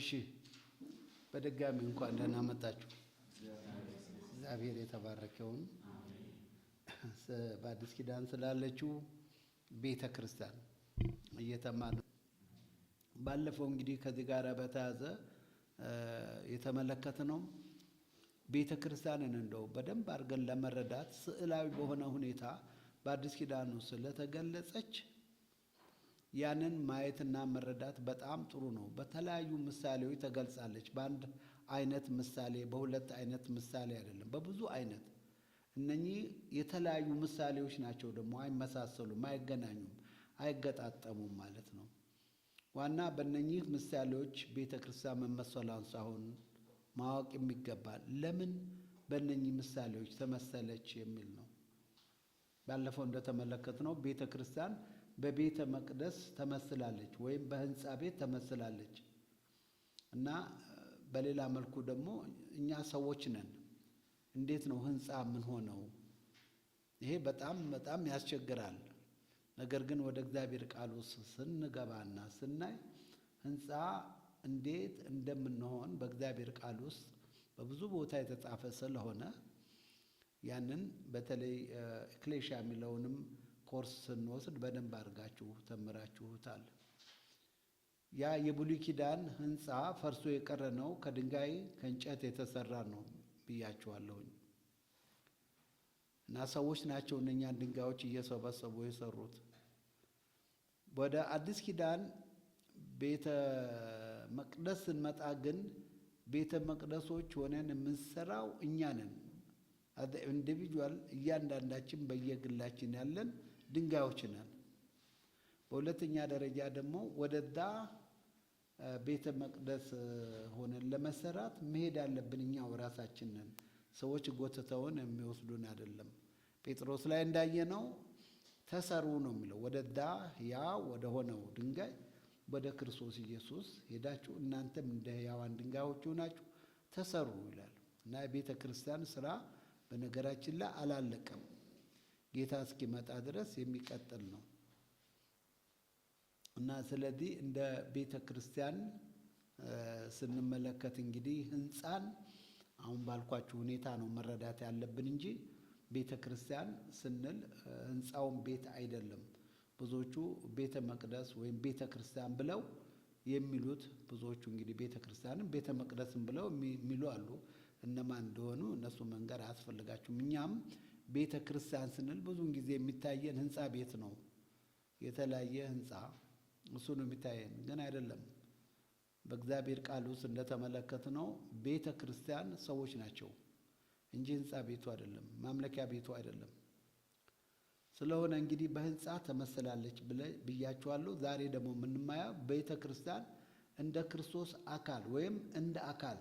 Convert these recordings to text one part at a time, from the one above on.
እሺ በድጋሚ እንኳን ደህና መጣችሁ። እግዚአብሔር የተባረከውን በአዲስ ኪዳን ስላለችው ቤተ ክርስቲያን እየተማር ባለፈው እንግዲህ ከዚህ ጋር በተያዘ የተመለከት ነው ቤተ ክርስቲያንን እንደው በደንብ አድርገን ለመረዳት ስዕላዊ በሆነ ሁኔታ በአዲስ ኪዳን ስለተገለጸች ያንን ማየትና መረዳት በጣም ጥሩ ነው። በተለያዩ ምሳሌዎች ተገልጻለች። በአንድ አይነት ምሳሌ፣ በሁለት አይነት ምሳሌ አይደለም፣ በብዙ አይነት። እነኚህ የተለያዩ ምሳሌዎች ናቸው። ደግሞ አይመሳሰሉም፣ አይገናኙም፣ አይገጣጠሙም ማለት ነው። ዋና በእነኚህ ምሳሌዎች ቤተ ክርስቲያን መመሰሏን ሳይሆን ማወቅ የሚገባል ለምን በእነኚህ ምሳሌዎች ተመሰለች የሚል ነው። ባለፈው እንደተመለከትነው ቤተ ክርስቲያን በቤተ መቅደስ ተመስላለች ወይም በህንፃ ቤት ተመስላለች እና በሌላ መልኩ ደግሞ እኛ ሰዎች ነን። እንዴት ነው ህንፃ ምን ሆነው? ይሄ በጣም በጣም ያስቸግራል። ነገር ግን ወደ እግዚአብሔር ቃል ውስጥ ስንገባና ስናይ ህንፃ እንዴት እንደምንሆን በእግዚአብሔር ቃል ውስጥ በብዙ ቦታ የተጻፈ ስለሆነ ያንን በተለይ እክሌሻ የሚለውንም ኮርስ ስንወስድ በደንብ አድርጋችሁ ተምራችሁታል። ያ የብሉይ ኪዳን ህንፃ ፈርሶ የቀረ ነው። ከድንጋይ ከእንጨት የተሰራ ነው ብያችኋለሁኝ። እና ሰዎች ናቸው እነኛን ድንጋዮች እየሰበሰቡ የሰሩት። ወደ አዲስ ኪዳን ቤተ መቅደስ ስንመጣ ግን ቤተ መቅደሶች ሆነን የምንሰራው እኛ ነን። ኢንዲቪጁዋል እያንዳንዳችን በየግላችን ያለን ድንጋዮች ነን። በሁለተኛ ደረጃ ደግሞ ወደዛ ቤተ መቅደስ ሆነን ለመሰራት መሄድ አለብን። እኛው ራሳችን ነን። ሰዎች ጎትተውን የሚወስዱን አይደለም። ጴጥሮስ ላይ እንዳየነው ተሰሩ ነው የሚለው ወደዛ ያ ወደ ሆነው ድንጋይ ወደ ክርስቶስ ኢየሱስ ሄዳችሁ እናንተም እንደ ሕያዋን ድንጋዮች ሆናችሁ ተሰሩ ይላል እና የቤተ ክርስቲያን ስራ በነገራችን ላይ አላለቀም። ጌታ እስኪመጣ ድረስ የሚቀጥል ነው እና ስለዚህ እንደ ቤተ ክርስቲያን ስንመለከት እንግዲህ ህንፃን አሁን ባልኳችሁ ሁኔታ ነው መረዳት ያለብን እንጂ ቤተ ክርስቲያን ስንል ህንፃውን ቤት አይደለም። ብዙዎቹ ቤተ መቅደስ ወይም ቤተ ክርስቲያን ብለው የሚሉት ብዙዎቹ እንግዲህ ቤተ ክርስቲያንም ቤተ መቅደስም ብለው የሚሉ አሉ። እነማን እንደሆኑ እነሱ መንገር አያስፈልጋችሁም። እኛም ቤተ ክርስቲያን ስንል ብዙውን ጊዜ የሚታየን ህንፃ ቤት ነው፣ የተለያየ ህንፃ እሱ ነው የሚታየን፣ ግን አይደለም። በእግዚአብሔር ቃል ውስጥ እንደተመለከትነው ቤተ ክርስቲያን ሰዎች ናቸው እንጂ ህንፃ ቤቱ አይደለም፣ ማምለኪያ ቤቱ አይደለም። ስለሆነ እንግዲህ በህንፃ ተመስላለች ብያችኋለሁ። ዛሬ ደግሞ የምንማየው ቤተ ክርስቲያን እንደ ክርስቶስ አካል ወይም እንደ አካል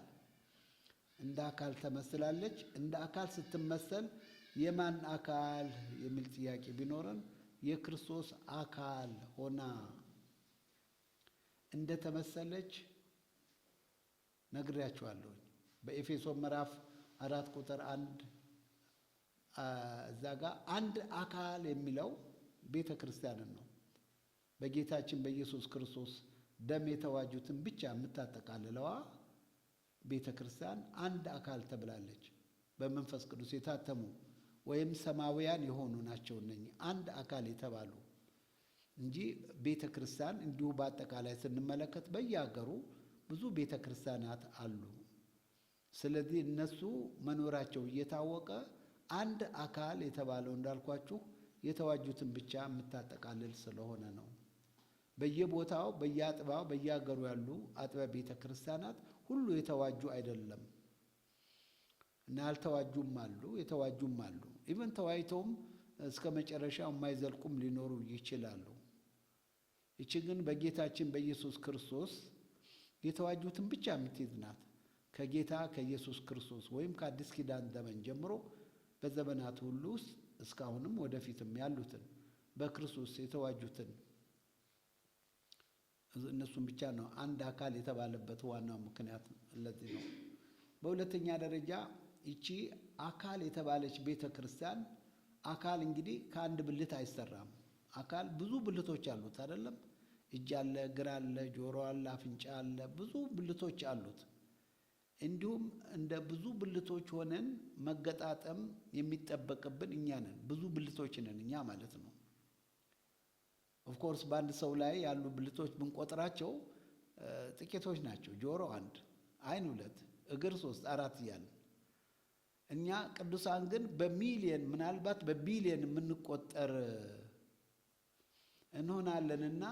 እንደ አካል ተመስላለች። እንደ አካል ስትመሰል የማን አካል የሚል ጥያቄ ቢኖረን የክርስቶስ አካል ሆና እንደ ተመሰለች ነግሬያችኋለሁ። በኤፌሶን ምዕራፍ አራት ቁጥር አንድ እዛ ጋር አንድ አካል የሚለው ቤተ ክርስቲያንን ነው። በጌታችን በኢየሱስ ክርስቶስ ደም የተዋጁትን ብቻ የምታጠቃልለዋ ቤተ ክርስቲያን አንድ አካል ተብላለች። በመንፈስ ቅዱስ የታተሙ ወይም ሰማውያን የሆኑ ናቸው እነኚህ አንድ አካል የተባሉ እንጂ ቤተ ክርስቲያን እንዲሁ በአጠቃላይ ስንመለከት በየሀገሩ ብዙ ቤተ ክርስቲያናት አሉ። ስለዚህ እነሱ መኖራቸው እየታወቀ አንድ አካል የተባለው እንዳልኳችሁ የተዋጁትን ብቻ የምታጠቃልል ስለሆነ ነው። በየቦታው በየአጥባው በየአገሩ ያሉ አጥቢያ ቤተ ክርስቲያናት ሁሉ የተዋጁ አይደለም እና ያልተዋጁም አሉ፣ የተዋጁም አሉ። ኢቨን ተዋይተውም እስከ መጨረሻ የማይዘልቁም ሊኖሩ ይችላሉ። ይቺ ግን በጌታችን በኢየሱስ ክርስቶስ የተዋጁትን ብቻ የምትይዝ ናት። ከጌታ ከኢየሱስ ክርስቶስ ወይም ከአዲስ ኪዳን ዘመን ጀምሮ በዘመናት ሁሉ ውስጥ እስካሁንም ወደፊትም ያሉትን በክርስቶስ የተዋጁትን እነሱን ብቻ ነው አንድ አካል የተባለበት ዋናው ምክንያት ለዚህ ነው። በሁለተኛ ደረጃ ይቺ አካል የተባለች ቤተ ክርስቲያን አካል እንግዲህ ከአንድ ብልት አይሰራም። አካል ብዙ ብልቶች አሉት አይደለም? እጅ አለ፣ እግር አለ፣ ጆሮ አለ፣ አፍንጫ አለ፣ ብዙ ብልቶች አሉት። እንዲሁም እንደ ብዙ ብልቶች ሆነን መገጣጠም የሚጠበቅብን እኛ ነን። ብዙ ብልቶች ነን እኛ ማለት ነው። ኦፍኮርስ በአንድ ሰው ላይ ያሉ ብልቶች ብንቆጥራቸው ጥቂቶች ናቸው። ጆሮ አንድ፣ አይን ሁለት፣ እግር ሶስት፣ አራት እያለ እኛ ቅዱሳን ግን በሚሊየን ምናልባት በቢሊየን የምንቆጠር እንሆናለንና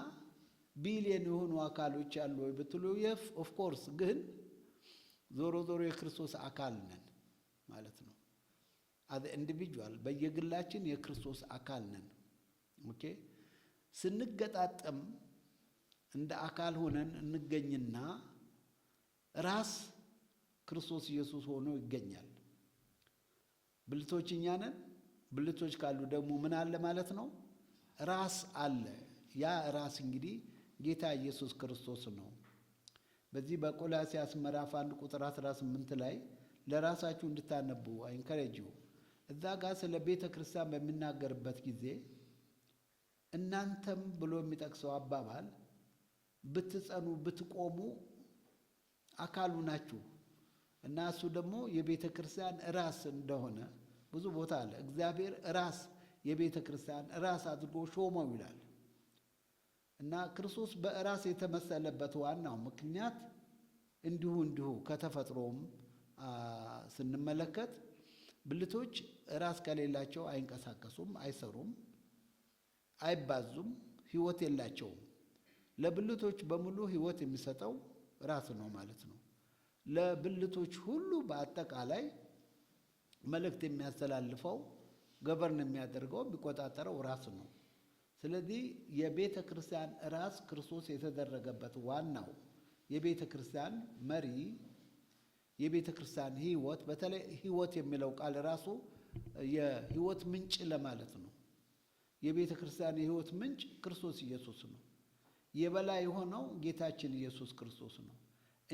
ቢሊየን የሆኑ አካሎች አሉ ወይ ብትሉ የፍ ኦፍኮርስ ግን ዞሮ ዞሮ የክርስቶስ አካል ነን ማለት ነው። አዘ ኢንዲቪጁዋል በየግላችን የክርስቶስ አካል ነን። ኦኬ ስንገጣጠም እንደ አካል ሆነን እንገኝና ራስ ክርስቶስ ኢየሱስ ሆኖ ይገኛል። ብልቶች እኛ ነን። ብልቶች ካሉ ደግሞ ምን አለ ማለት ነው? ራስ አለ። ያ ራስ እንግዲህ ጌታ ኢየሱስ ክርስቶስ ነው። በዚህ በቆላሲያስ ምዕራፍ 1 ቁጥር 18 ላይ ለራሳችሁ እንድታነቡ አይንከረጅው እዛ ጋር ስለ ቤተ ክርስቲያን በሚናገርበት ጊዜ እናንተም ብሎ የሚጠቅሰው አባባል ብትጸኑ ብትቆሙ አካሉ ናችሁ እና እሱ ደግሞ የቤተ ክርስቲያን ራስ እንደሆነ ብዙ ቦታ አለ። እግዚአብሔር ራስ የቤተ ክርስቲያን ራስ አድርጎ ሾመው ይላል እና ክርስቶስ በራስ የተመሰለበት ዋናው ምክንያት እንዲሁ እንዲሁ ከተፈጥሮም ስንመለከት ብልቶች ራስ ከሌላቸው አይንቀሳቀሱም፣ አይሰሩም። አይባዙም፣ ህይወት የላቸውም። ለብልቶች በሙሉ ህይወት የሚሰጠው ራስ ነው ማለት ነው። ለብልቶች ሁሉ በአጠቃላይ መልእክት የሚያስተላልፈው ገበርን የሚያደርገው የሚቆጣጠረው ራስ ነው። ስለዚህ የቤተ ክርስቲያን ራስ ክርስቶስ የተደረገበት ዋናው የቤተ ክርስቲያን መሪ የቤተ ክርስቲያን ህይወት፣ በተለይ ህይወት የሚለው ቃል ራሱ የህይወት ምንጭ ለማለት ነው። የቤተ ክርስቲያን የሕይወት ምንጭ ክርስቶስ ኢየሱስ ነው። የበላይ የሆነው ጌታችን ኢየሱስ ክርስቶስ ነው።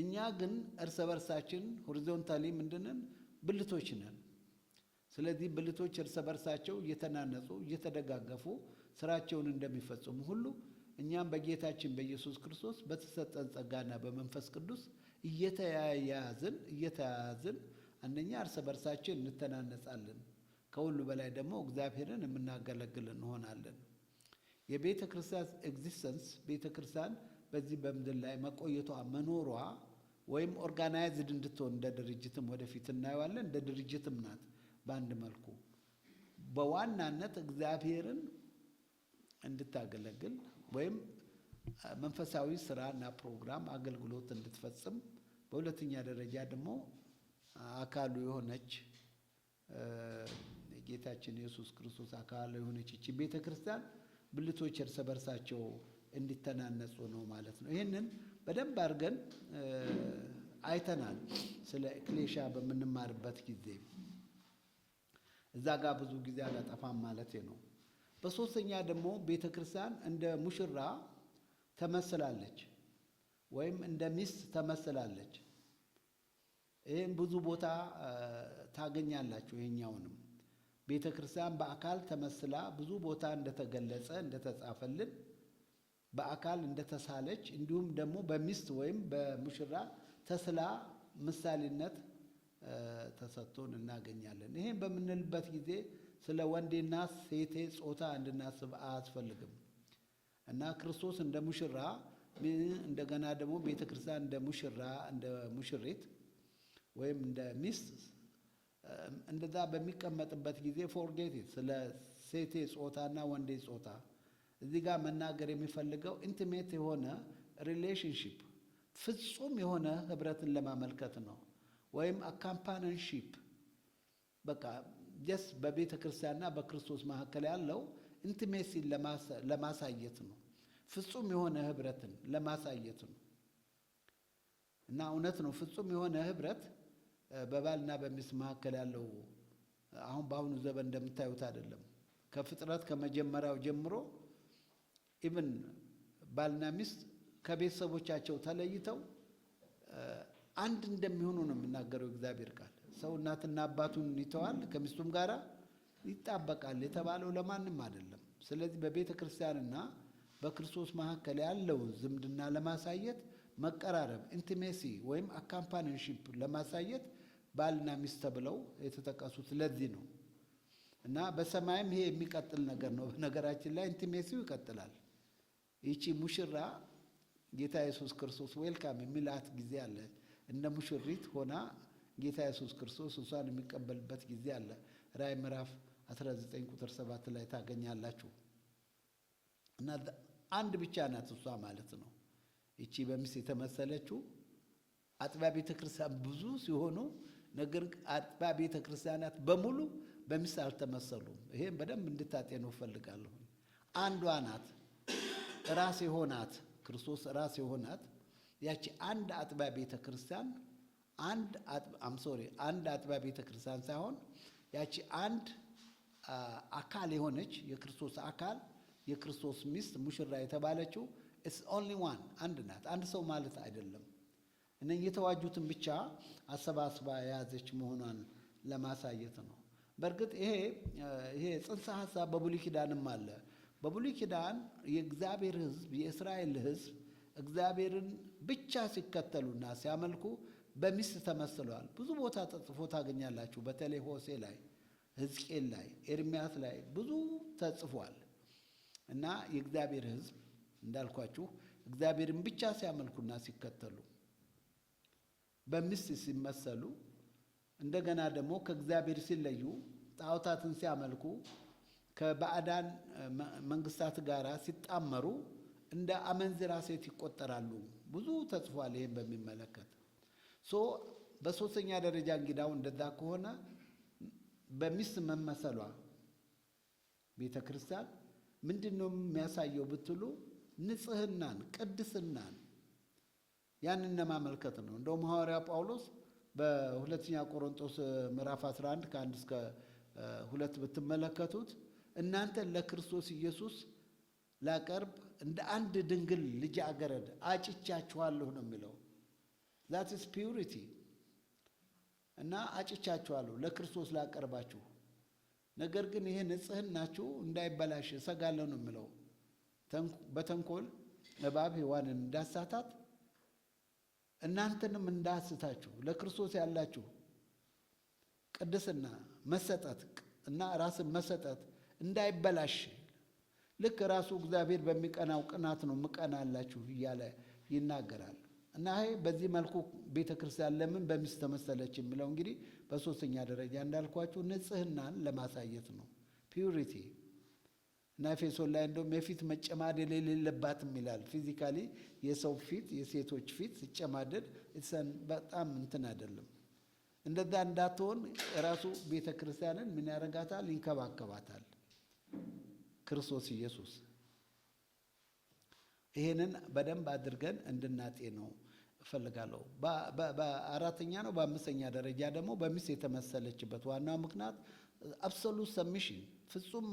እኛ ግን እርስ በርሳችን ሆሪዞንታሊ ምንድንን ብልቶች ነን። ስለዚህ ብልቶች እርስ በርሳቸው እየተናነጹ እየተደጋገፉ ስራቸውን እንደሚፈጽሙ ሁሉ እኛም በጌታችን በኢየሱስ ክርስቶስ በተሰጠን ጸጋና በመንፈስ ቅዱስ እየተያያዝን እየተያያዝን አንደኛ እርስ በርሳችን እንተናነጻለን። ከሁሉ በላይ ደግሞ እግዚአብሔርን የምናገለግል እንሆናለን። የቤተ ክርስቲያን ኤግዚስተንስ ቤተ ክርስቲያን በዚህ በምድር ላይ መቆየቷ መኖሯ ወይም ኦርጋናይዝድ እንድትሆን እንደ ድርጅትም ወደፊት እናየዋለን። እንደ ድርጅትም ናት በአንድ መልኩ በዋናነት እግዚአብሔርን እንድታገለግል ወይም መንፈሳዊ ስራና ፕሮግራም አገልግሎት እንድትፈጽም፣ በሁለተኛ ደረጃ ደግሞ አካሉ የሆነች የጌታችን ኢየሱስ ክርስቶስ አካል የሆነች ይቺ ቤተ ክርስቲያን ብልቶች እርስ በርሳቸው እንዲተናነጹ ነው ማለት ነው። ይህንን በደንብ አድርገን አይተናል። ስለ እክሌሻ በምንማርበት ጊዜ እዛ ጋር ብዙ ጊዜ አላጠፋም ማለት ነው። በሶስተኛ ደግሞ ቤተ ክርስቲያን እንደ ሙሽራ ተመስላለች ወይም እንደ ሚስት ተመስላለች። ይህም ብዙ ቦታ ታገኛላችሁ። ይሄኛውንም ቤተ ክርስቲያን በአካል ተመስላ ብዙ ቦታ እንደተገለጸ እንደተጻፈልን በአካል እንደተሳለች እንዲሁም ደግሞ በሚስት ወይም በሙሽራ ተስላ ምሳሌነት ተሰጥቶን እናገኛለን። ይሄን በምንልበት ጊዜ ስለ ወንዴና ሴቴ ጾታ እንድናስብ አያስፈልግም እና ክርስቶስ እንደ ሙሽራ እንደገና ደግሞ ቤተ ክርስቲያን እንደ ሙሽራ እንደ ሙሽሪት ወይም እንደ ሚስት እንደዛ በሚቀመጥበት ጊዜ ፎርጌት ስለ ሴቴ ጾታና ወንዴ ጾታ እዚህ ጋር መናገር የሚፈልገው ኢንቲሜት የሆነ ሪሌሽንሽፕ ፍጹም የሆነ ህብረትን ለማመልከት ነው። ወይም አካምፓንንሺፕ በቃ ጀስ በቤተ ክርስቲያንና በክርስቶስ መካከል ያለው ኢንቲሜሲን ለማሳየት ነው። ፍጹም የሆነ ህብረትን ለማሳየት ነው። እና እውነት ነው ፍጹም የሆነ ህብረት በባልና በሚስት መካከል ያለው አሁን በአሁኑ ዘመን እንደምታዩት አይደለም። ከፍጥረት ከመጀመሪያው ጀምሮ ኢብን ባልና ሚስት ከቤተሰቦቻቸው ተለይተው አንድ እንደሚሆኑ ነው የሚናገረው እግዚአብሔር ቃል። ሰው እናትና አባቱን ይተዋል ከሚስቱም ጋራ ይጣበቃል የተባለው ለማንም አይደለም። ስለዚህ በቤተ ክርስቲያንና በክርስቶስ መካከል ያለውን ዝምድና ለማሳየት መቀራረብ ኢንቲሜሲ ወይም አካምፓኒንሽፕ ለማሳየት ባልና ሚስት ተብለው የተጠቀሱት ለዚህ ነው። እና በሰማይም ይሄ የሚቀጥል ነገር ነው። በነገራችን ላይ ኢንቲሜሲው ይቀጥላል። ይቺ ሙሽራ ጌታ ኢየሱስ ክርስቶስ ዌልካም የሚላት ጊዜ አለ። እንደ ሙሽሪት ሆና ጌታ ኢየሱስ ክርስቶስ እሷን የሚቀበልበት ጊዜ አለ። ራእይ ምዕራፍ 19 ቁጥር 7 ላይ ታገኛላችሁ። እና አንድ ብቻ ናት እሷ ማለት ነው። ይቺ በሚስት የተመሰለችው አጥቢያ ቤተክርስቲያን ብዙ ሲሆኑ ነገር አጥባ ቤተ ክርስቲያናት በሙሉ በሚስት አልተመሰሉም። ይሄም በደንብ እንድታጤኑ እፈልጋለሁ። አንዷ ናት ራስ የሆናት ክርስቶስ ራስ የሆናት ያቺ አንድ አጥባ ቤተ ክርስቲያን አንድ አም ሶሪ አንድ አጥባ ቤተ ክርስቲያን ሳይሆን ያቺ አንድ አካል የሆነች የክርስቶስ አካል የክርስቶስ ሚስት ሙሽራ የተባለችው ኢትስ ኦንሊ ዋን አንድ ናት። አንድ ሰው ማለት አይደለም። እነ የተዋጁትን ብቻ አሰባስባ የያዘች መሆኗን ለማሳየት ነው። በእርግጥ ይሄ ይሄ ጽንሰ ሀሳብ በብሉይ ኪዳንም አለ። በብሉይ ኪዳን የእግዚአብሔር ሕዝብ የእስራኤል ሕዝብ እግዚአብሔርን ብቻ ሲከተሉና ሲያመልኩ በሚስት ተመስለዋል። ብዙ ቦታ ተጽፎ ታገኛላችሁ። በተለይ ሆሴ ላይ፣ ሕዝቅኤል ላይ፣ ኤርሚያስ ላይ ብዙ ተጽፏል እና የእግዚአብሔር ሕዝብ እንዳልኳችሁ እግዚአብሔርን ብቻ ሲያመልኩና ሲከተሉ በሚስት ሲመሰሉ እንደገና ደግሞ ከእግዚአብሔር ሲለዩ ጣዖታትን ሲያመልኩ ከባዕዳን መንግስታት ጋር ሲጣመሩ እንደ አመንዝራ ሴት ይቆጠራሉ። ብዙ ተጽፏል ይህን በሚመለከት ሶ በሶስተኛ ደረጃ እንግዳው እንደዛ ከሆነ በሚስት መመሰሏ ቤተ ክርስቲያን ምንድን ነው የሚያሳየው ብትሉ ንጽህናን፣ ቅድስናን ያንን ለማመልከት ነው። እንደውም ሐዋርያ ጳውሎስ በሁለተኛ ቆሮንቶስ ምዕራፍ 11 ከአንድ እስከ ሁለት ብትመለከቱት እናንተ ለክርስቶስ ኢየሱስ ላቀርብ እንደ አንድ ድንግል ልጃገረድ አጭቻችኋለሁ ነው የሚለው። ዛትስ ፒውሪቲ እና አጭቻችኋለሁ ለክርስቶስ ላቀርባችሁ፣ ነገር ግን ይሄ ንጽህናችሁ እንዳይበላሽ እሰጋለሁ ነው የሚለው። በተንኮል እባብ ሔዋንን እንዳሳታት እናንተንም እንዳስታችሁ ለክርስቶስ ያላችሁ ቅድስና መሰጠት እና ራስን መሰጠት እንዳይበላሽ ልክ ራሱ እግዚአብሔር በሚቀናው ቅናት ነው ምቀናላችሁ እያለ ይናገራል። እና ይሄ በዚህ መልኩ ቤተ ክርስቲያን ለምን በሚስት ተመሰለች የሚለው እንግዲህ በሶስተኛ ደረጃ እንዳልኳችሁ ንጽህናን ለማሳየት ነው ፒውሪቲ። እና ኤፌሶን ላይ እንደውም የፊት መጨማደድ የሌለባትም ይላል። ፊዚካሊ የሰው ፊት የሴቶች ፊት ሲጨማደድ በጣም እንትን አይደለም። እንደዛ እንዳትሆን ራሱ ቤተ ክርስቲያንን ምን ያደርጋታል? ይንከባከባታል ክርስቶስ ኢየሱስ። ይህንን በደንብ አድርገን እንድናጤ ነው እፈልጋለሁ። በአራተኛ ነው በአምስተኛ ደረጃ ደግሞ በሚስት የተመሰለችበት ዋናው ምክንያት አብሶሉት ሰሚሽን ፍጹም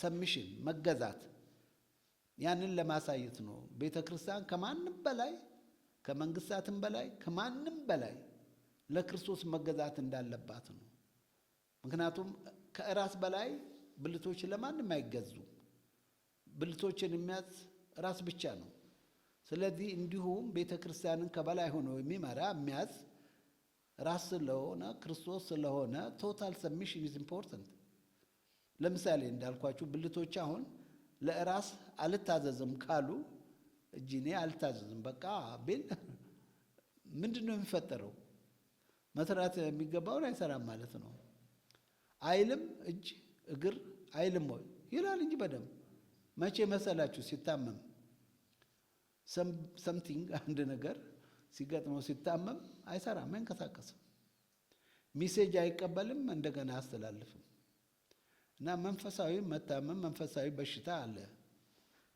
ሰሚሽን መገዛት ያንን ለማሳየት ነው። ቤተ ክርስቲያን ከማንም በላይ ከመንግስታትም በላይ ከማንም በላይ ለክርስቶስ መገዛት እንዳለባት ነው። ምክንያቱም ከእራስ በላይ ብልቶች ለማንም አይገዙም። ብልቶችን የሚያዝ ራስ ብቻ ነው። ስለዚህ እንዲሁም ቤተ ክርስቲያንን ከበላይ ሆኖ የሚመራ የሚያዝ ራስ ስለሆነ ክርስቶስ ስለሆነ ቶታል ሰሚሽን ኢዝ ኢምፖርታንት። ለምሳሌ እንዳልኳችሁ ብልቶች አሁን ለራስ አልታዘዝም ካሉ እጅ አልታዘዝም በቃ ቤል ምንድን ነው የሚፈጠረው? መስራት የሚገባውን አይሰራም ማለት ነው። አይልም እጅ እግር አይልም ወይ ይላል እንጂ በደምብ መቼ መሰላችሁ? ሲታመም ሰምቲንግ አንድ ነገር ሲገጥመው ሲታመም አይሰራም፣ አይንቀሳቀስም፣ ሚሴጅ አይቀበልም፣ እንደገና አስተላልፍም እና መንፈሳዊ መታመም መንፈሳዊ በሽታ አለ።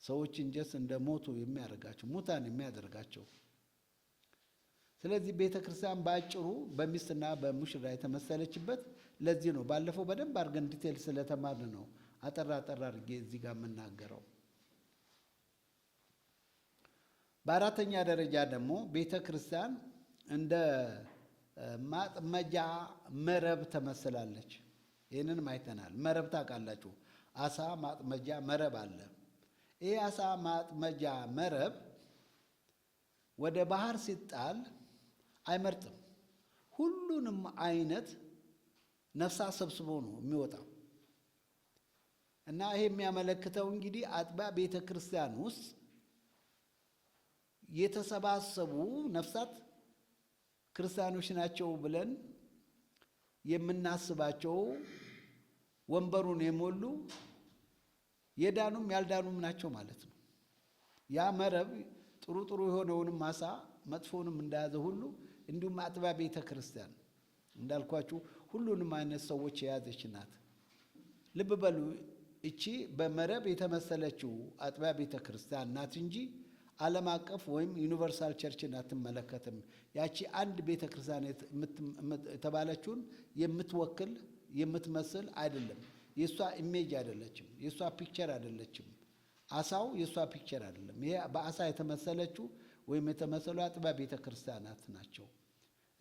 ሰዎች እንጀስ እንደ ሞቱ የሚያደርጋቸው ሙታን የሚያደርጋቸው። ስለዚህ ቤተ ክርስቲያን በአጭሩ በሚስትና በሙሽራ የተመሰለችበት ለዚህ ነው። ባለፈው በደንብ አድርገን ዲቴል ስለተማርን ነው አጠራ አጠራ አድርጌ እዚህ ጋር የምናገረው። በአራተኛ ደረጃ ደግሞ ቤተ ክርስቲያን እንደ ማጥመጃ መረብ ተመስላለች። ይህንንም አይተናል። መረብ ታውቃላችሁ፣ አሳ ማጥመጃ መረብ አለ። ይህ አሳ ማጥመጃ መረብ ወደ ባህር ሲጣል አይመርጥም። ሁሉንም አይነት ነፍሳ ሰብስቦ ነው የሚወጣው እና ይሄ የሚያመለክተው እንግዲህ አጥቢያ ቤተ ክርስቲያን ውስጥ የተሰባሰቡ ነፍሳት ክርስቲያኖች ናቸው ብለን የምናስባቸው ወንበሩን የሞሉ የዳኑም ያልዳኑም ናቸው ማለት ነው። ያ መረብ ጥሩ ጥሩ የሆነውንም አሳ መጥፎንም እንደያዘ ሁሉ እንዲሁም አጥቢያ ቤተ ክርስቲያን እንዳልኳችሁ ሁሉንም አይነት ሰዎች የያዘች ናት። ልብ በሉ፣ እቺ በመረብ የተመሰለችው አጥቢያ ቤተ ክርስቲያን ናት እንጂ ዓለም አቀፍ ወይም ዩኒቨርሳል ቸርችን አትመለከትም። ያቺ አንድ ቤተ ክርስቲያን የተባለችውን የምትወክል የምትመስል አይደለም። የእሷ ኢሜጅ አይደለችም። የእሷ ፒክቸር አይደለችም። አሳው የእሷ ፒክቸር አይደለም። ይሄ በአሳ የተመሰለችው ወይም የተመሰሉ አጥቢያ ቤተ ክርስቲያናት ናቸው።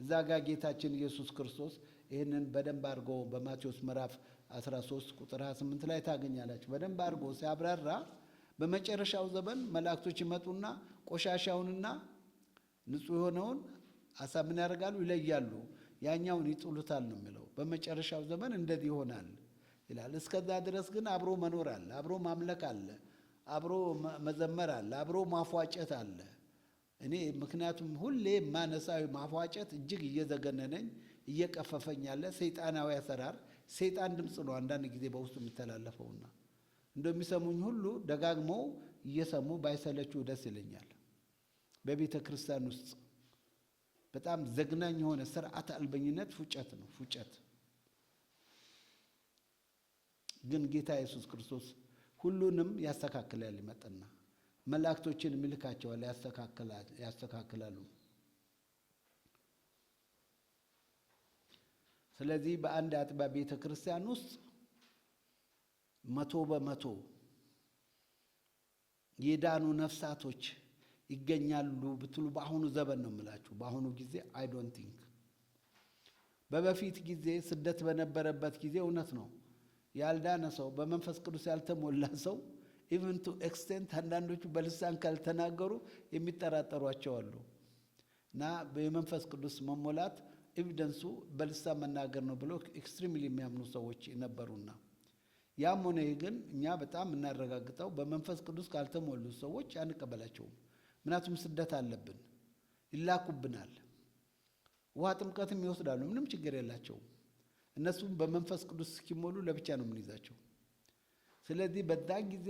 እዛ ጋር ጌታችን ኢየሱስ ክርስቶስ ይህንን በደንብ አድርጎ በማቴዎስ ምዕራፍ 13 ቁጥር 28 ላይ ታገኛላችሁ። በደንብ አድርጎ ሲያብራራ በመጨረሻው ዘመን መላእክቶች ይመጡና ቆሻሻውንና ንጹሕ የሆነውን አሳ ምን ያደርጋሉ? ይለያሉ። ያኛውን ይጥሉታል ነው የሚለው። በመጨረሻው ዘመን እንደዚህ ይሆናል ይላል። እስከዛ ድረስ ግን አብሮ መኖር አለ፣ አብሮ ማምለክ አለ፣ አብሮ መዘመር አለ፣ አብሮ ማፏጨት አለ። እኔ ምክንያቱም ሁሌ ማነሳዊ ማፏጨት እጅግ እየዘገነነኝ እየቀፈፈኝ ያለ ሰይጣናዊ አሰራር ሰይጣን ድምፅ ነው አንዳንድ ጊዜ በውስጡ የሚተላለፈውና እንደሚሰሙኝ ሁሉ ደጋግመው እየሰሙ ባይሰለችው ደስ ይለኛል። በቤተ ክርስቲያን ውስጥ በጣም ዘግናኝ የሆነ ስርዓት አልበኝነት ፉጨት ነው። ፉጨት ግን ጌታ ኢየሱስ ክርስቶስ ሁሉንም ያስተካክላል። ይመጥና መላእክቶችን ይልካቸዋል፣ ያስተካክላሉ። ስለዚህ በአንድ አጥባ ቤተ ክርስቲያን ውስጥ መቶ በመቶ የዳኑ ነፍሳቶች ይገኛሉ ብትሉ በአሁኑ ዘበን ነው የምላችሁ። በአሁኑ ጊዜ አይ ዶንት ቲንክ። በበፊት ጊዜ ስደት በነበረበት ጊዜ እውነት ነው ያልዳነ ሰው በመንፈስ ቅዱስ ያልተሞላ ሰው ኢቨን ቱ ኤክስቴንት አንዳንዶቹ በልሳን ካልተናገሩ የሚጠራጠሯቸው አሉ። እና የመንፈስ ቅዱስ መሞላት ኤቪደንሱ በልሳን መናገር ነው ብለው ኤክስትሪምሊ የሚያምኑ ሰዎች ነበሩና፣ ያም ሆነ ግን እኛ በጣም እናረጋግጠው በመንፈስ ቅዱስ ካልተሞሉ ሰዎች አንቀበላቸውም። ምክንያቱም ስደት አለብን፣ ይላኩብናል። ውሃ ጥምቀትም ይወስዳሉ፣ ምንም ችግር የላቸውም። እነሱም በመንፈስ ቅዱስ እስኪሞሉ ለብቻ ነው የምንይዛቸው። ስለዚህ በዛ ጊዜ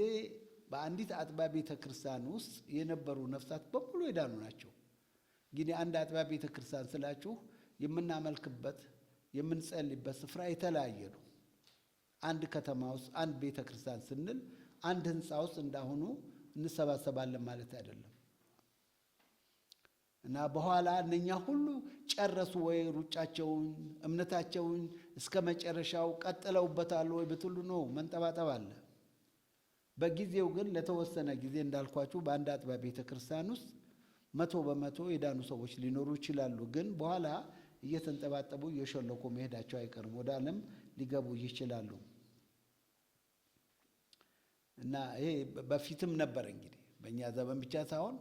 በአንዲት አጥባ ቤተ ክርስቲያን ውስጥ የነበሩ ነፍሳት በሙሉ የዳኑ ናቸው። እንግዲህ አንድ አጥባ ቤተ ክርስቲያን ስላችሁ የምናመልክበት የምንጸልይበት ስፍራ የተለያየ ነው። አንድ ከተማ ውስጥ አንድ ቤተ ክርስቲያን ስንል አንድ ህንፃ ውስጥ እንዳሁኑ እንሰባሰባለን ማለት አይደለም። እና በኋላ እነኛ ሁሉ ጨረሱ ወይ ሩጫቸውን እምነታቸውን እስከ መጨረሻው ቀጥለውበታል ወይ ብትሉ ነው መንጠባጠብ አለ። በጊዜው ግን ለተወሰነ ጊዜ እንዳልኳችሁ በአንድ አጥቢያ ቤተ ክርስቲያን ውስጥ መቶ በመቶ የዳኑ ሰዎች ሊኖሩ ይችላሉ። ግን በኋላ እየተንጠባጠቡ እየሸለኮ መሄዳቸው አይቀርም፣ ወደ ዓለም ሊገቡ ይችላሉ። እና ይሄ በፊትም ነበር እንግዲህ በእኛ ዘመን ብቻ ሳይሆን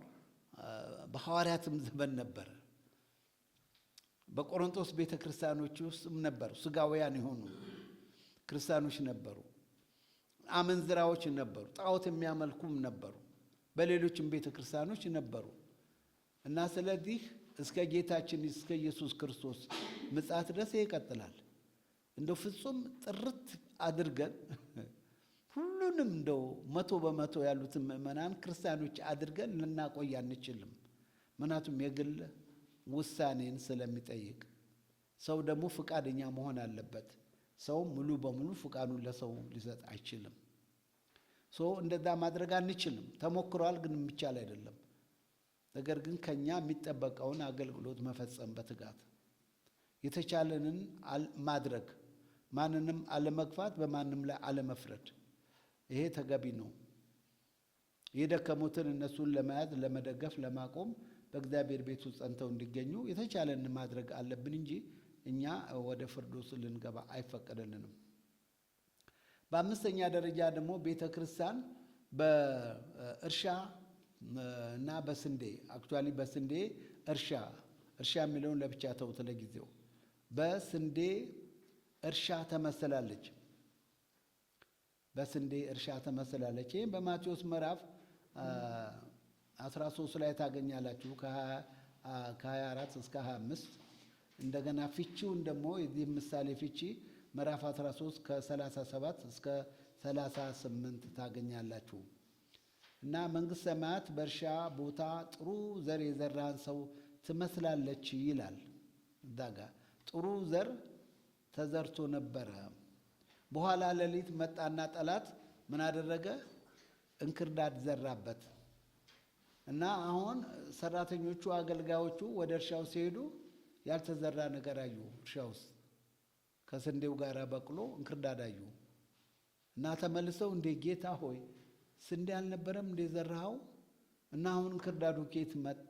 በሐዋርያትም ዘመን ነበር በቆሮንቶስ ቤተ ክርስቲያኖች ውስጥም ነበሩ። ስጋውያን የሆኑ ክርስቲያኖች ነበሩ። አመንዝራዎች ነበሩ። ጣዖት የሚያመልኩም ነበሩ። በሌሎችም ቤተ ክርስቲያኖች ነበሩ እና ስለዚህ እስከ ጌታችን እስከ ኢየሱስ ክርስቶስ ምጽአት ድረስ ይቀጥላል። እንደው ፍጹም ጥርት አድርገን ሁሉንም እንደው መቶ በመቶ ያሉትን ምእመናን ክርስቲያኖች አድርገን ልናቆይ አንችልም። ምክንያቱም የግል ውሳኔን ስለሚጠይቅ ሰው ደግሞ ፍቃደኛ መሆን አለበት። ሰው ሙሉ በሙሉ ፍቃዱን ለሰው ሊሰጥ አይችልም። ሰው እንደዛ ማድረግ አንችልም። ተሞክሯል፣ ግን የሚቻል አይደለም። ነገር ግን ከኛ የሚጠበቀውን አገልግሎት መፈጸም በትጋት የተቻለንን ማድረግ፣ ማንንም አለመግፋት፣ በማንም ላይ አለመፍረድ ይሄ ተገቢ ነው። የደከሙትን እነሱን ለመያዝ ለመደገፍ፣ ለማቆም በእግዚአብሔር ቤት ውስጥ ጸንተው እንዲገኙ የተቻለን ማድረግ አለብን እንጂ እኛ ወደ ፍርድ ውስጥ ልንገባ አይፈቀደልንም። በአምስተኛ ደረጃ ደግሞ ቤተ ክርስቲያን በእርሻ እና በስንዴ አክቹዋሊ በስንዴ እርሻ እርሻ የሚለውን ለብቻ ተውት ለጊዜው በስንዴ እርሻ ተመስላለች። በስንዴ እርሻ ትመስላለች። ይህም በማቴዎስ ምዕራፍ 13 ላይ ታገኛላችሁ ከ24 እስከ 25። እንደገና ፊቺውን ደግሞ የዚህ ምሳሌ ፊቺ ምዕራፍ 13 ከ37 እስከ 38 ታገኛላችሁ። እና መንግሥተ ሰማያት በእርሻ ቦታ ጥሩ ዘር የዘራን ሰው ትመስላለች ይላል። እዛ ጋ ጥሩ ዘር ተዘርቶ ነበረ። በኋላ ሌሊት መጣና ጠላት ምን አደረገ? እንክርዳድ ዘራበት እና አሁን ሰራተኞቹ፣ አገልጋዮቹ ወደ እርሻው ሲሄዱ ያልተዘራ ነገር አዩ። እርሻውስ ከስንዴው ጋር በቅሎ እንክርዳድ አዩ እና ተመልሰው እንዴ ጌታ ሆይ ስንዴ አልነበረም እንዴ ዘራኸው? እና አሁን እንክርዳዱ ኬት መጣ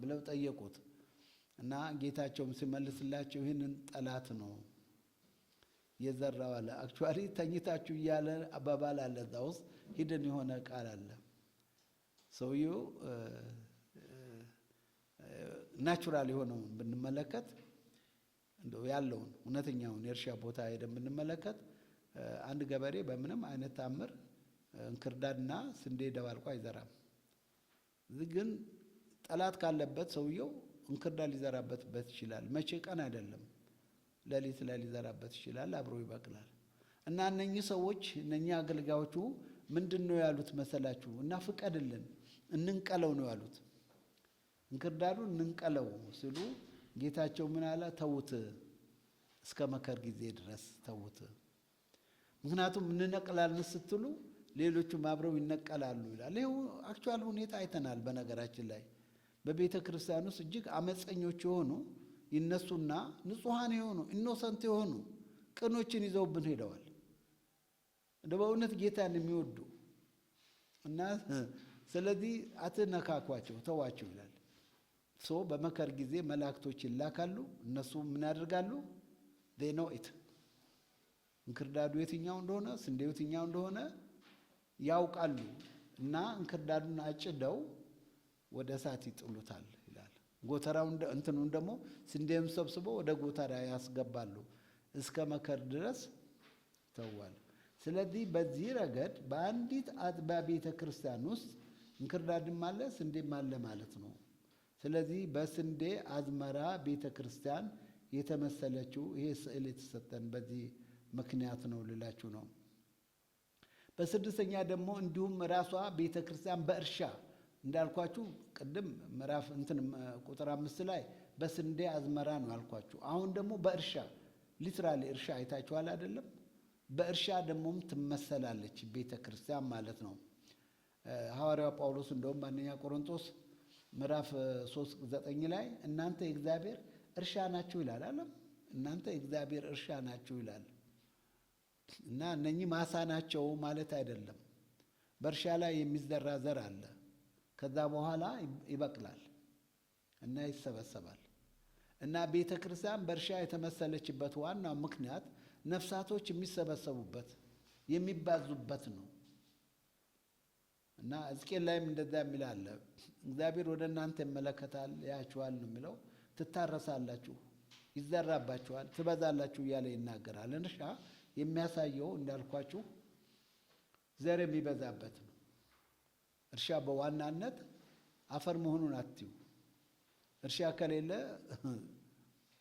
ብለው ጠየቁት። እና ጌታቸውም ሲመልስላቸው ይህንን ጠላት ነው የዘራው አለ። አክቹዋሊ ተኝታችሁ እያለ አባባል አለ። እዛ ውስጥ ሂድን የሆነ ቃል አለ። ሰውየው ናቹራል የሆነውን ብንመለከት እንደው ያለውን እውነተኛውን የእርሻ ቦታ ሄደን ብንመለከት አንድ ገበሬ በምንም አይነት ታምር እንክርዳድና ስንዴ ደባልቆ አይዘራም። እዚህ ግን ጠላት ካለበት ሰውየው እንክርዳድ ሊዘራበት ይችላል። መቼ ቀን አይደለም ለሊት ላይ ሊዘራበት ይችላል፣ አብሮ ይበቅላል። እና እነኚህ ሰዎች እነኚህ አገልጋዮቹ ምንድን ነው ያሉት መሰላችሁ? እና ፍቀድልን እንንቀለው ነው ያሉት። እንክርዳዱ እንንቀለው ሲሉ ጌታቸው ምን አለ? ተውት፣ እስከ መከር ጊዜ ድረስ ተውት። ምክንያቱም እንነቅላልን ስትሉ ሌሎቹም አብረው ይነቀላሉ ይላል። ይህ አክቹዋል ሁኔታ አይተናል። በነገራችን ላይ በቤተ ክርስቲያን ውስጥ እጅግ አመፀኞች የሆኑ ይነሱና ንጹሐን የሆኑ ኢኖሰንት የሆኑ ቅኖችን ይዘውብን ሄደዋል። እንደ በእውነት ጌታን የሚወዱ እና ስለዚህ አትነካኳቸው፣ ተዋቸው ይላል። ሶ በመከር ጊዜ መላእክቶች ይላካሉ። እነሱ ምን ያደርጋሉ? ኖ ኢት እንክርዳዱ የትኛው እንደሆነ ስንዴው የትኛው እንደሆነ ያውቃሉ። እና እንክርዳዱን አጭደው ወደ እሳት ይጥሉታል። ጎተራው እንትኑን ደግሞ ስንዴም ሰብስቦ ወደ ጎተራ ያስገባሉ። እስከ መከር ድረስ ተዋል። ስለዚህ በዚህ ረገድ በአንዲት አጥባ ቤተ ክርስቲያን ውስጥ እንክርዳድም አለ ስንዴም አለ ማለት ነው። ስለዚህ በስንዴ አዝመራ ቤተ ክርስቲያን የተመሰለችው ይሄ ስዕል የተሰጠን በዚህ ምክንያት ነው ልላችሁ ነው። በስድስተኛ ደግሞ እንዲሁም ራሷ ቤተ ክርስቲያን በእርሻ እንዳልኳችሁ ቅድም ምዕራፍ እንትን ቁጥር አምስት ላይ በስንዴ አዝመራ ነው ያልኳችሁ። አሁን ደግሞ በእርሻ ሊትራሊ እርሻ አይታችኋል አይደለም? በእርሻ ደግሞም ትመሰላለች ቤተ ክርስቲያን ማለት ነው። ሐዋርያው ጳውሎስ እንደውም በአንደኛ ቆሮንቶስ ምዕራፍ ሶስት ዘጠኝ ላይ እናንተ የእግዚአብሔር እርሻ ናችሁ ይላል አለም። እናንተ የእግዚአብሔር እርሻ ናችሁ ይላል እና እነኚህ ማሳ ናቸው ማለት አይደለም። በእርሻ ላይ የሚዘራ ዘር አለ ከዛ በኋላ ይበቅላል እና ይሰበሰባል እና ቤተ ክርስቲያን በእርሻ የተመሰለችበት ዋናው ምክንያት ነፍሳቶች የሚሰበሰቡበት የሚባዙበት ነው። እና ሕዝቅኤል ላይም እንደዛ የሚል አለ። እግዚአብሔር ወደ እናንተ ይመለከታል፣ ያችኋል ነው የሚለው። ትታረሳላችሁ፣ ይዘራባችኋል፣ ትበዛላችሁ እያለ ይናገራል። እርሻ የሚያሳየው እንዳልኳችሁ ዘር የሚበዛበት ነው። እርሻ በዋናነት አፈር መሆኑን አትዩ። እርሻ ከሌለ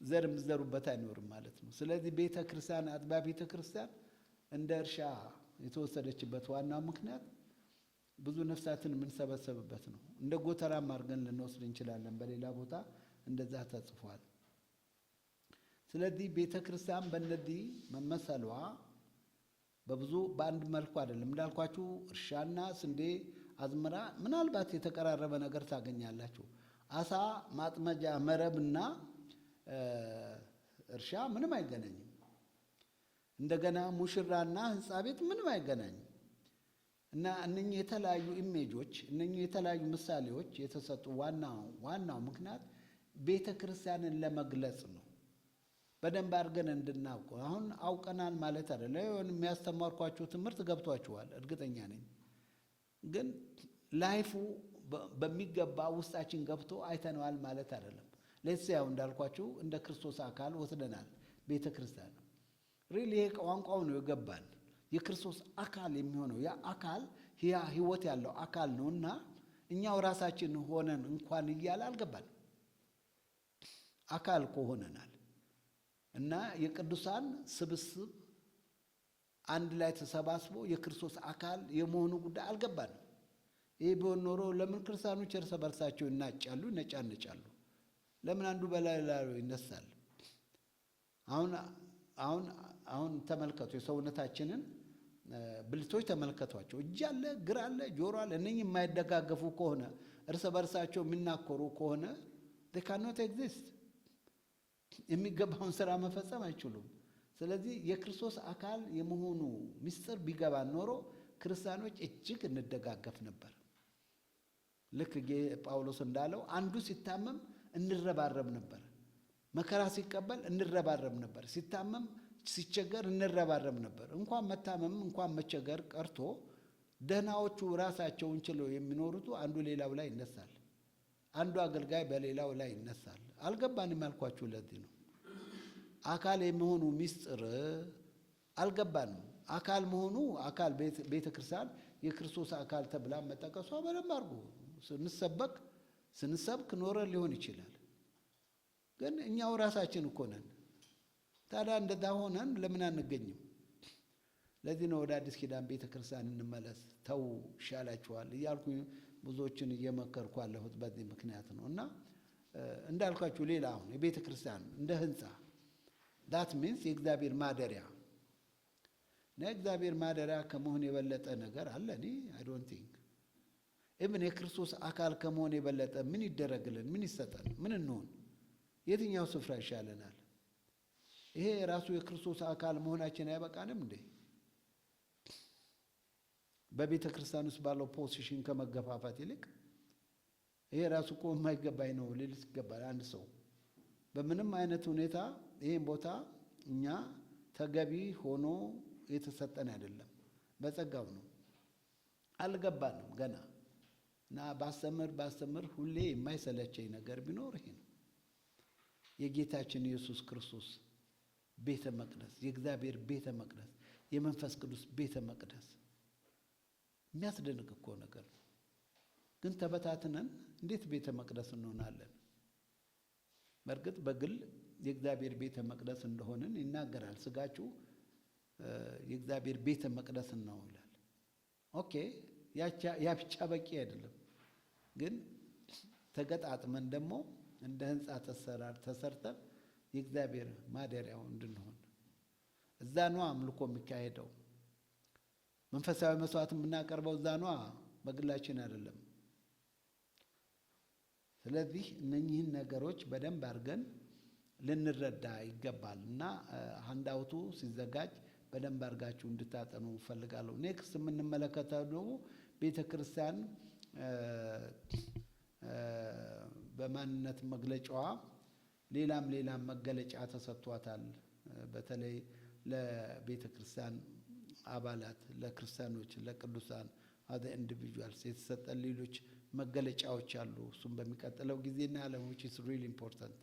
ዘር የምትዘሩበት አይኖርም ማለት ነው። ስለዚህ ቤተ ክርስቲያን አጥቢያ ቤተ ክርስቲያን እንደ እርሻ የተወሰደችበት ዋናው ምክንያት ብዙ ነፍሳትን የምንሰበሰብበት ነው። እንደ ጎተራም አድርገን ልንወስድ እንችላለን። በሌላ ቦታ እንደዛ ተጽፏል። ስለዚህ ቤተ ክርስቲያን በእነዚህ መመሰሏ በብዙ በአንድ መልኩ አይደለም እንዳልኳችሁ እርሻና ስንዴ አዝመራ ምናልባት የተቀራረበ ነገር ታገኛላችሁ። አሳ ማጥመጃ መረብና እርሻ ምንም አይገናኝም። እንደገና ሙሽራና ህንፃ ቤት ምንም አይገናኝም። እና እነኚህ የተለያዩ ኢሜጆች እነኚህ የተለያዩ ምሳሌዎች የተሰጡ ዋናው ምክንያት ቤተ ክርስቲያንን ለመግለጽ ነው። በደንብ አድርገን እንድናውቀው አሁን አውቀናል ማለት አይደለም። የሚያስተማርኳችሁ ትምህርት ገብቷችኋል፣ እርግጠኛ ነኝ። ግን ላይፉ በሚገባ ውስጣችን ገብቶ አይተነዋል ማለት አይደለም። ሌትስ ያው እንዳልኳችሁ እንደ ክርስቶስ አካል ወስደናል ቤተ ክርስቲያን ነው። ሪል ይሄ ቋንቋው ነው የገባን የክርስቶስ አካል የሚሆነው ያ አካል ያ ህይወት ያለው አካል ነው እና እኛው ራሳችን ሆነን እንኳን እያለ አልገባን አካል ከሆነናል እና የቅዱሳን ስብስብ አንድ ላይ ተሰባስቦ የክርስቶስ አካል የመሆኑ ጉዳይ አልገባንም። ይህ ቢሆን ኖሮ ለምን ክርስቲያኖች እርስ በርሳቸው ይናጫሉ ይነጫነጫሉ? ለምን አንዱ በላይ ላይ ይነሳል? አሁን አሁን አሁን ተመልከቱ፣ የሰውነታችንን ብልቶች ተመልከቷቸው። እጅ አለ፣ እግር አለ፣ ጆሮ አለ። እነኚህ የማይደጋገፉ ከሆነ እርስ በርሳቸው የሚናኮሩ ከሆነ ካኖት ኤግዚስት የሚገባውን ስራ መፈጸም አይችሉም። ስለዚህ የክርስቶስ አካል የመሆኑ ምስጢር ቢገባ ኖሮ ክርስቲያኖች እጅግ እንደጋገፍ ነበር። ልክ ጳውሎስ እንዳለው አንዱ ሲታመም እንረባረብ ነበር፣ መከራ ሲቀበል እንረባረብ ነበር፣ ሲታመም ሲቸገር እንረባረብ ነበር። እንኳን መታመም እንኳን መቸገር ቀርቶ ደህናዎቹ ራሳቸውን ችለው የሚኖሩት አንዱ ሌላው ላይ ይነሳል፣ አንዱ አገልጋይ በሌላው ላይ ይነሳል። አልገባንም ያልኳችሁ ለዚህ ነው። አካል የመሆኑ ምስጢር አልገባንም። አካል መሆኑ አካል ቤተ ክርስቲያን የክርስቶስ አካል ተብላ መጠቀሷ በደንብ አድርጎ ስንሰበክ ስንሰብክ ኖረ ሊሆን ይችላል። ግን እኛው ራሳችን እኮ ነን። ታዲያ እንደዛ ሆነን ለምን አንገኝም? ለዚህ ነው ወደ አዲስ ኪዳን ቤተ ክርስቲያን እንመለስ፣ ተው ይሻላችኋል እያልኩ ብዙዎችን እየመከርኩ አለሁት። በዚህ ምክንያት ነው። እና እንዳልኳችሁ ሌላ አሁን የቤተ ክርስቲያን እንደ ህንፃ ዳት ሚንስ የእግዚአብሔር ማደሪያ እና የእግዚአብሔር ማደሪያ ከመሆን የበለጠ ነገር አለ? እኔ አይ ዶንት ቲንክ። ኢብን የክርስቶስ አካል ከመሆን የበለጠ ምን ይደረግልን? ምን ይሰጠን? ምን እንሆን? የትኛው ስፍራ ይሻለናል? ይሄ ራሱ የክርስቶስ አካል መሆናችን አይበቃንም እንዴ? በቤተ ክርስቲያን ውስጥ ባለው ፖዚሽን ከመገፋፋት ይልቅ ይሄ ራሱ እኮ የማይገባኝ ነው ልል ይገባል አንድ ሰው በምንም አይነት ሁኔታ ይህን ቦታ እኛ ተገቢ ሆኖ የተሰጠን አይደለም። በጸጋው ነው። አልገባንም ገና እና ባስተምር ባስተምር ሁሌ የማይሰለቸኝ ነገር ቢኖር ይሄ ነው። የጌታችን ኢየሱስ ክርስቶስ ቤተ መቅደስ፣ የእግዚአብሔር ቤተ መቅደስ፣ የመንፈስ ቅዱስ ቤተ መቅደስ የሚያስደንቅ እኮ ነገር ነው። ግን ተበታትነን እንዴት ቤተ መቅደስ እንሆናለን? በእርግጥ በግል የእግዚአብሔር ቤተ መቅደስ እንደሆንን ይናገራል። ስጋችሁ የእግዚአብሔር ቤተ መቅደስን ነው ይላል። ኦኬ ያ ብቻ በቂ አይደለም፣ ግን ተገጣጥመን ደግሞ እንደ ህንፃ ተሰራር ተሰርተን የእግዚአብሔር ማደሪያው እንድንሆን እዛ ነው አምልኮ የሚካሄደው። መንፈሳዊ መስዋዕት የምናቀርበው እዛ ነው፣ በግላችን አይደለም። ስለዚህ እነኚህን ነገሮች በደንብ አድርገን ልንረዳ ይገባል እና ሀንዳውቱ ሲዘጋጅ በደንብ አድርጋችሁ እንድታጠኑ እፈልጋለሁ። ኔክስት የምንመለከተው ደግሞ ቤተ ክርስቲያን በማንነት መግለጫዋ ሌላም ሌላም መገለጫ ተሰጥቷታል። በተለይ ለቤተ ክርስቲያን አባላት፣ ለክርስቲያኖች፣ ለቅዱሳን አዘ ኢንዲቪጁዋልስ የተሰጠ ሌሎች መገለጫዎች አሉ። እሱም በሚቀጥለው ጊዜ እናያለን። ዊች ኢዝ ሪል ኢምፖርታንት።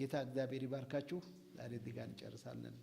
ጌታ እግዚአብሔር ይባርካችሁ። ዛሬ እዚህ ጋር እንጨርሳለን።